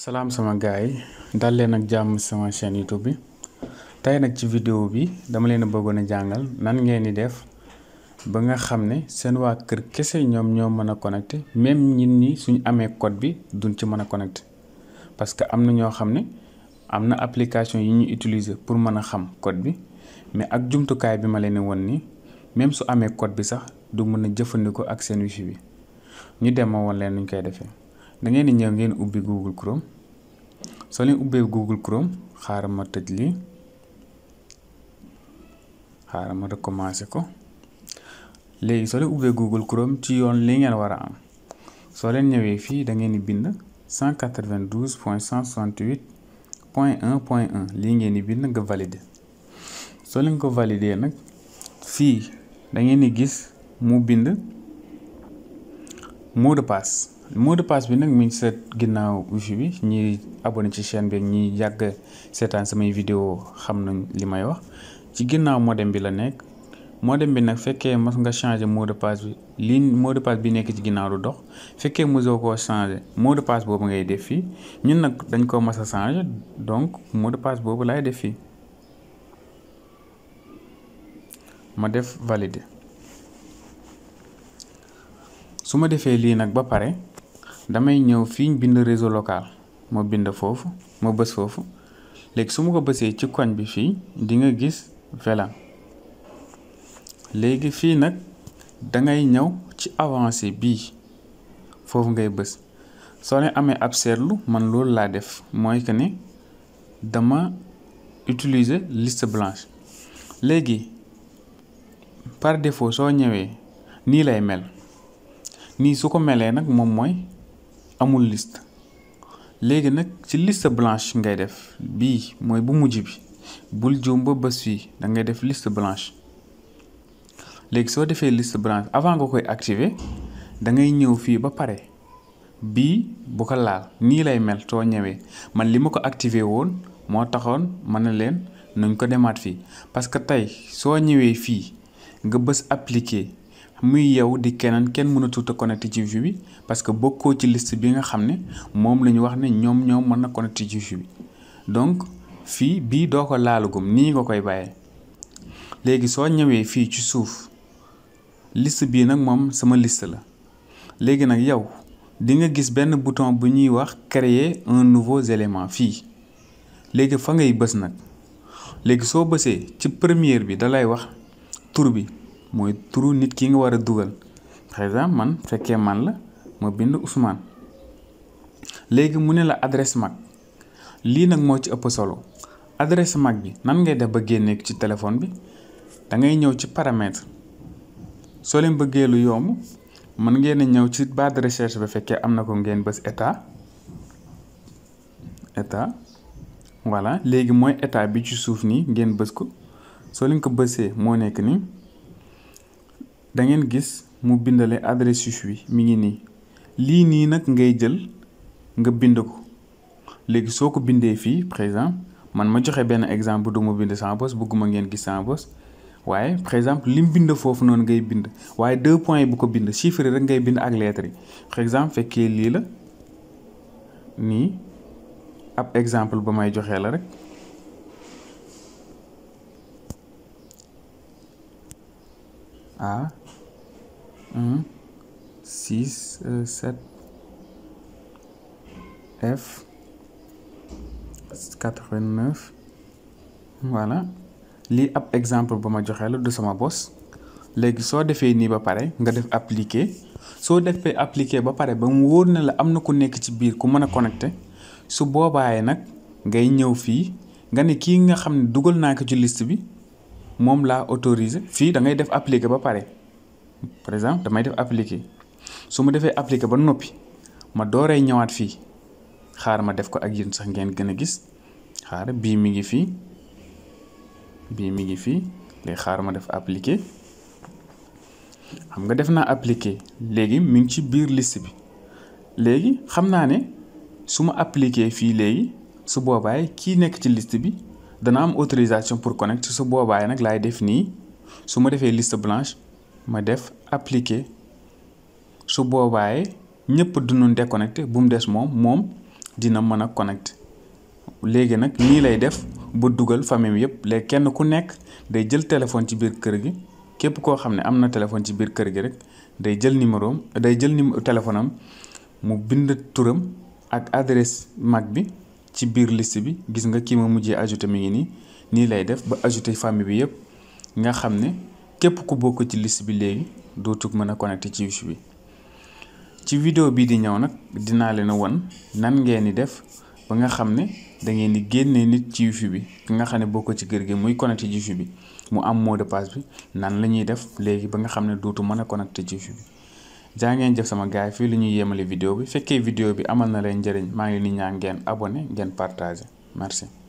salaam sama gars yi dal leen ak jàmm sama chaîne YouTube bi tey nag ci vidéo bi dama leen a bëggoon a jàngal nan ngeen di def ba nga xam ne seen waa kër kese ñoom ñoo mën a connecté même ñit ñi suñu amee code bi duñ ci mën a connecté parce que am na ñoo xam ne am na application yi ñu utiliser pour mën a xam code bi mais ak jumtukaay bi ma leen won nii même su amee code bi sax du mën a jëfandikoo ak seen wifi bi ñu dem ma woon leen nuñ koy defee. da ngeen di ñëw ngeen ubbi Google Chrome soo leen ubbee Google Chrome xaaral ma tëj lii xaaral ma recommencé ko léegi soo leen ubbee Google Chrome ci yoon li ngeen war a am soo leen ñëwee fii da ngeen di bind 192 point 168 point un point 1 lii ngeen di bind nga valide soo leen ko valider nag fii da ngeen di gis mu bind mot de mot de passe bi nag mi ngi sa ginnaaw wifi bi ñii abonné ci chaîne bi ñi yàgg seetaan samay vidéo xam nañ li may wax ci ginnaaw modem bi la nekk modem bi nag fekkee mas nga changé mot de passe bi lii mot de passe bi nekk ci ginnaaw dox fekkee mosoo koo changé mot de passe boobu ngay def fii ñun nag dañ koo mas a changé donc mot de boobu laay def fii ma def valide su ma defee lii nag ba pare damay ñëw fii bind réseau local ma bind foofu ma bës foofu léegi su ma ko bësee ci koñ bi fii di nga gis VLAN léegi fii nag dangay ñëw ci avancé bii foofu ngay bës soo leen amee ab seetlu man loolu laa def mooy que ne dama utiliser liste blanche léegi par défaut soo ñëwee nii lay mel nii su ko melee nag moom mooy amul list léegi nag ci liste blanche ngay def bii mooy bu mujj bi bul juum bës fii da ngay def liste blanche léegi soo defee liste blanche avant nga koy activer da ngay ñëw fii ba pare bii bu ko laal nii lay mel soo ñëwee man li ma ko activer woon moo taxoon mën na leen nuñ ko demaat fii parce que tey soo ñëwee fii nga bës appliquer muy yow di keneen kenn mënatul a connecté ci Wi-Fi bi parce que bokkoo ci liste bi nga xam ne moom la ñu wax ne ñoom ñoom mën na connecté ci wi bi donc fii bii doo ko laalugum nii nga koy bàyyee léegi soo ñëwee fii ci suuf liste bii nag moom sama list la léegi nag yow dinga gis benn bouton bu ñuy wax créer un nouveau élément fii léegi fa ngay bës nag léegi soo bësee ci première bi da lay wax tur bi. mooy turu nit ki nga war a dugal par exemple man fekkee man la ma bind Ousmane léegi mu ne la adresse mag lii nag moo ci ëpp solo adresse mag bi nan ngay def ba génne ci téléphone bi da ngay ñëw ci paramètre soo leen bëggee lu yomb mën ngeen ñëw ci barre de ba fekkee am na ko ngeen bës état état voilà léegi mooy état bi ci suuf ni ngeen bës ko soo leen ko bësee moo nekk nii. da ngeen gis mu bindale adresse fiche bi mi ngi nii lii nii nag ngay jël nga bind ko léegi soo ko bindee fii par exemple man ma joxe benn exemple du bind sans bos bëgguma ngeen gis sans bos waaye par exemple lim bind foofu noonu ngay bind waaye deux points yi bu ko bind chiffre rek ngay bind ak lettres yi par exemple fekkee lii la nii ab exemple ba may joxee la rek ah un six euh, sept F quatre-vingt-neuf voilà lii ab exemple ba ma joxee la du sama bos léegi soo defee nii ba pare nga def appliquer soo defee appliquer ba pare ba mu wóor ne la am na ku nekk ci biir ku mën a connecté su boobaaye nag ngay ñëw fii nga ne kii nga xam ne dugal naa ko ci list bi moom laa autorisé fii da ngay def appliquer ba pare. par exemple damay def appliqué su ma defee appliqué ba noppi ma dooree ñëwaat fii xaar ma def ko ak yéen sax ngeen gën a gis xaar bii mi ngi fii bii mi ngi fii léegi xaar ma def appliqué xam nga def naa appliqué léegi mu ngi ci biir list bi léegi xam naa ne su ma appliqué fii léegi su boobaay kii nekk ci list bi dana am autorisation pour connecter su boobaay nag laay def nii su ma defee liste blanche ma def appliquer su boobaay ñëpp duñu déconnecté bu mu des moom moom dina mën a connecté léegi nag nii lay def ba dugal famille bi yëpp la kenn ku nekk day jël téléphone ci biir kër gi képp koo xam ne am na téléphone ci biir kër gi rek day jël numéro am day jël numéro téléphone am mu bind turam ak adresse mag bi ci biir liste bi gis nga kii ma mujjee ajouté mi ngi nii nii lay def ba ajouté famille bi yëpp nga xam ne képp ku bokk ci liste bi léegi dootug mën a connecté ci wifi bi ci vidéo bii di ñëw nag dinaa leen won nan ngeen di def ba nga xam ne da ngeen di génne nit ci wifi bi ki nga xam ne bokk ci kër gi muy connecté ci wifi bi mu am mot de passe bi nan la ñuy def léegi ba nga xam ne dootu mën a connecté ci wifi bi jaa ngeen jëf sama gaay fii la ñuy yéemale vidéo bi fekkee vidéo bi amal na leen njëriñ maa ngi leen di ñaan ngeen abonné ngeen partage merci